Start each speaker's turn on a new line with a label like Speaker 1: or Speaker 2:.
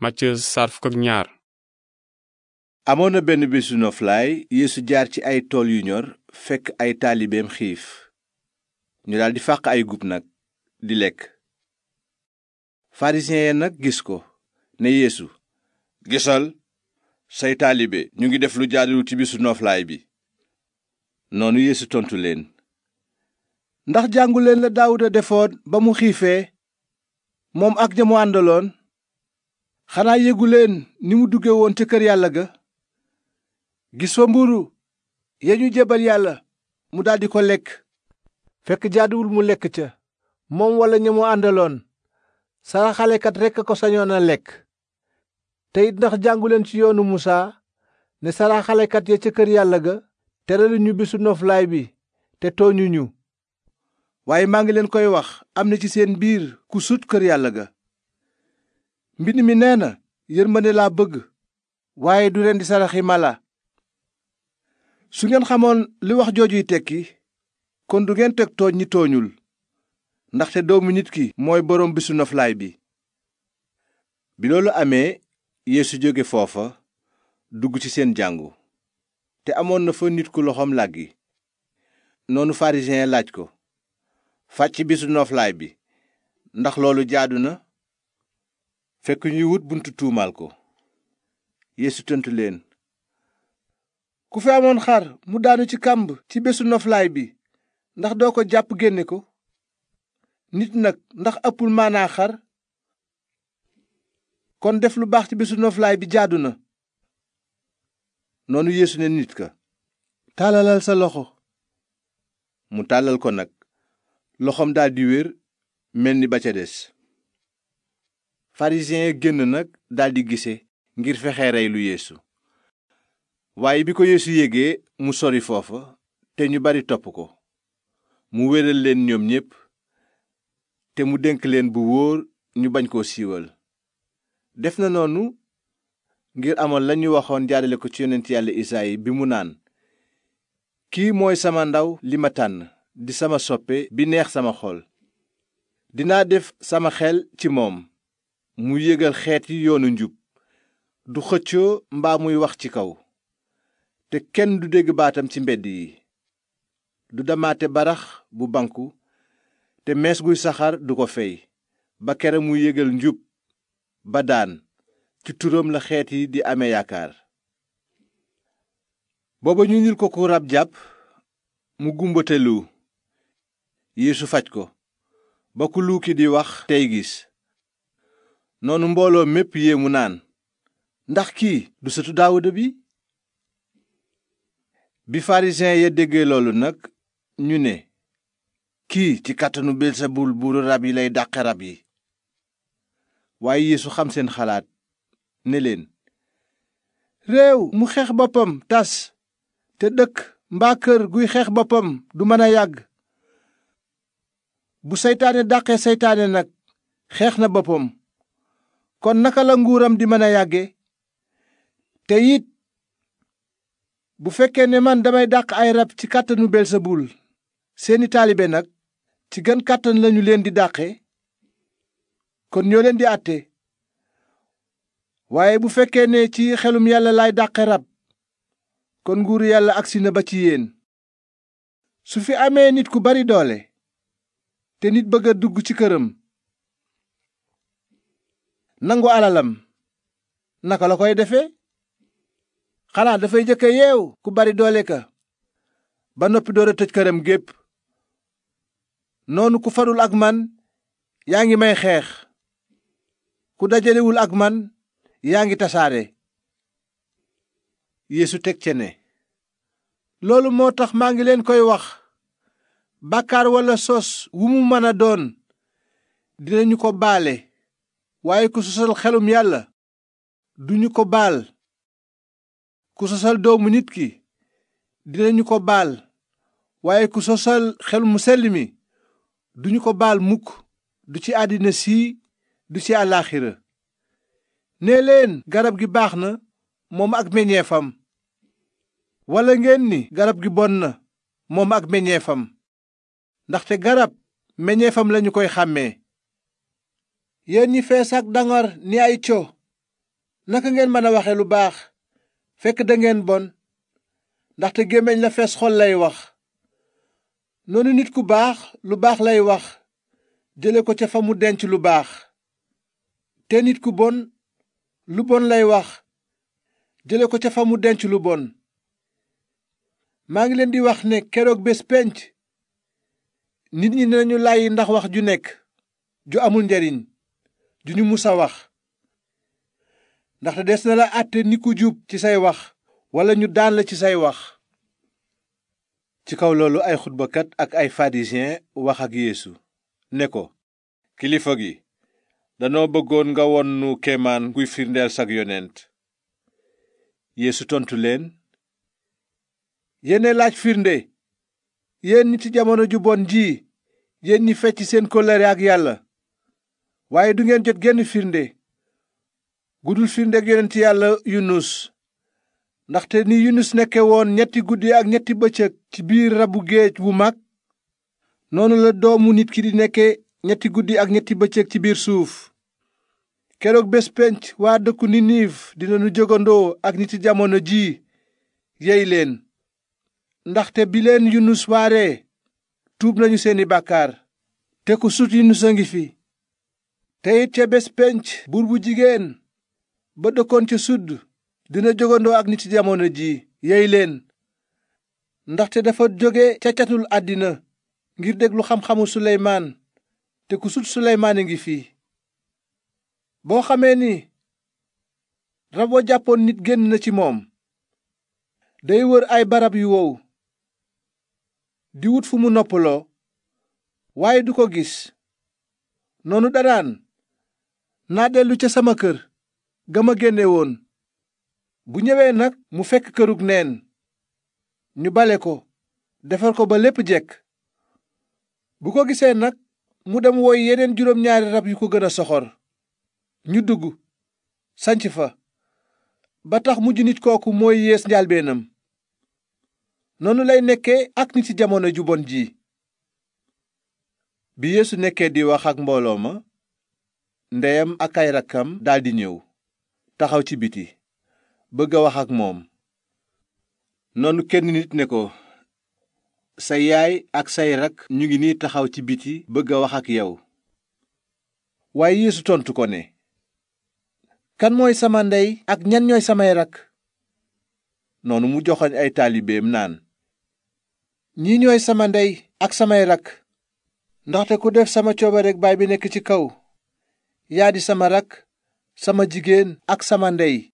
Speaker 1: Matthieu saar ñaar. amoon na benn bisu noflaay yéesu jaar ci ay tool yu ñor fekk ay taalibeem xiif ñu daldi fàq ay gub nag di lekk farisiyen ya nag gis ko ne yéesu gisal say taalibe ñu ngi def lu jaaduwul ci bésu noflaay bi noonu Yeesu tontu leen ndax jànguleen la Daawuda defoon ba mu xiifee moom ak ña mu àndaloon xanaa yëguleen ni mu dugge woon ca kër yàlla ga gis fa mburu ya ñu jébal yàlla mu daldi ko lekk fekk jaaduwul mu lekk ca moom walla ña mu àndaloon saraxalekat rekk ko sañoon a lekk te it ndax jànguleen ci yoonu musaa ne saraxalekat ya ca kër yàlla ga teraluñu bisu noflaay bi te tooñuñu waaye maa ngi leen koy wax am na ci seen biir ku sut kër yàlla ga mbind mi nee na ma ne laa bëgg waaye du leen di saraxi mala su ngeen xamoon li wax joojuy tekki kon du ngeen teg tooñ ñi tooñul ndaxte doomu nit ki mooy boroom bisu noflaay bi bi loolu amee yéesu jóge foofa dugg ci seen jàngu te amoon na fa nit ku loxoom làggi noonu pharisien laaj ko fàcc bisu noflaay bi ndax loolu jaadu na fekk ñuy wut buntu tuumaal ko yeesu tontu leen ku fi amoon xar mu daanu ci kàmb ci bésu noflaay bi ndax doo ko jàpp génne ko nit nag ndax ëppul maanaa xar kon def lu baax ci bésu noflaay bi jaadu na noonu yeesu ne nit ka tàllalal sa loxo mu tàllal ko nag loxoom daldi wér mel ni ba ca des farisiyen ya génn nag daldi gise ngir fexe rey lu yeesu waaye bi ko yeesu yégee mu sori foofa te ñu bari topp ko mu wéral leen ñoom ñépp te mu dénk leen bu wóor ñu bañ koo siiwal def na noonu ngir amoon lañu waxoon jaarale ko ci yonent yàlla Isaayi bi mu naan kii mooy sama ndaw li ma tànn di sama soppe bi neex sama xol dinaa def sama xel ci moom mu yégal xeet yi yoonu njub du xëccoo mbaa muy wax ci kaw te kenn du dégg baatam ci mbedd yi du damaate barax bu banku te mees guy saxar du ko fey ba kera mu yégal njub ba daan ci turam la xeet yi di ame yaakaar booba ñu nil ko ku rab jàpp mu gumbatelu yéesu faj ko ba ku luuki di wax tey gis noonu mbooloo mépp yéemu naan ndax kii du sëtu daawuda bi bi pharisien ya déggee loolu nag ñu ne kii ci kàttanu belsebul buuru rab yi lay dàqe rab yi waaye yeesu xam seen xalaat ne leen réew mu xeex boppam tas te dëkk mbaa kër guy xeex boppam du mën a yàgg bu seytaane dàqee seytaane nag xeex na boppam kon naka la nguuram di mën a yàgge te it bu fekkee ne man damay dàq ay rab ci kàttanu belsebul seeni taalibe nag ci gën kàttan lañu leen di dàqe kon ñoo leen di àtte waaye bu fekkee ne ci xelum yàlla laay dàqe rab kon nguur yàlla agsi na ba ci yéen su fi amee nit ku bari doole te nit bëgg a dugg ci këram nangu alalam naka la koy defe xanaa dafay jëkk yeew ku bari doole ka ba noppi door a tëj këram gépp noonu ku farul ak man yaa ngi may xeex ku dajalewul ak man yaa ngi tasaare yéesu teg ce ne loolu moo tax maa ngi leen koy wax bàkkaar walla soos wu mu mën a doon dinañu ko baale waaye ku sosal xelum yàlla duñu ko baal ku sosal doomu nit ki dinañu ko baal waaye ku sosal xel mu sell mi duñu ko baal mukk du ci àddina sii du ci àllaaxira nee leen garab gi baax na moom ak meññeefam walla ngeen garab gi bon na moom ak meññeefam ndaxte garab meññeefam lañu koy xàmmee yéen ñi fees ak dangoor ni ay co naka ngeen mën a waxe lu baax fekk dangeen bon ndaxte gémmiñ la fees xol lay wax noonu nit ku baax lu baax lay wax jële ko ca fa mu denc lu baax te nit ku bon lu bon lay wax jële ko ca fa mu denc lu bon maa ngi leen di wax ne keroog bés penc nit ñi nañu làyyi ndax wax ju nekk ju amul njariñ duñu mus wax ndaxte des na la àtte ni jub ci say wax walla ñu daan la ci say wax ci kaw loolu ay xutbakat ak ay pharisien wax ak yéesu ne ko kilifa gi danoo bëggoon nga won nu kemaan guy firndeel sag yonent yéesu tontu leen yéene laaj firnde yéen ci jamono ju bon ji yéen ñi fecc seen kóllëre ak yàlla waaye du ngeen jot genn firnde gudul firndeeg yonent yàlla yunus ndaxte ni yunus nekke woon ñetti guddi ak ñetti bëccëg ci biir rabu géej wu mag noonu la doomu nit ki di nekke ñetti guddi ak ñetti bëccëg ci biir suuf keroog bés penc waa dëkku niniiv dinañu jógandoo ak niti jamono ji yey leen ndaxte bi leen yunus waaree tuub nañu seeni bàkkaar te ku sut yunus a ngi fi te it ca bés pénc buur bu jigéen ba dëkkoon ca sudd dina jógandoo ak nit ci jamono ji yey leen ndaxte dafa jóge ca catul àddina ngir déglu xam-xamu suleymaan te ku sut suleymaan a ngi fii boo xamee ni rab wa jàppoon nit génn na ci moom day wër ay barab yu wow di wut fu mu noppaloo waaye du ko gis noonu danaan naa dellu ca sama kër ga ma génne woon bu ñëwee nag mu fekk kërug neen ñu bale ko defar ko ba lépp jekk bu ko gisee nag mu dem woy yeneen juróom ñaari rab yu ko gën a soxor ñu dugg sanc fa ba tax mujj nit kooku mooy yées njaalbeenam noonu lay nekkee ak nit ci jamono ju bon ji bi Yeesu nekkee di wax ak mbooloo ma ndeyam ak ay rakkam daldi ñëw taxaw ci biti bëgg a wax ak moom noonu kenn nit ne ko sa yaay ak say rakk ñu ngi nii taxaw ci biti bëgg a wax ak yow waaye Yeesu tontu ko ne kan mooy sama ndey ak ñan ñooy samay rakk noonu mu joxoñ ay taalibeem naan ñii ñooy sama ndey ak samay rakk ndaxte ku def sama coobareek baay bi nekk ci kaw yaa di sama rakk sama jigéen ak sama ndey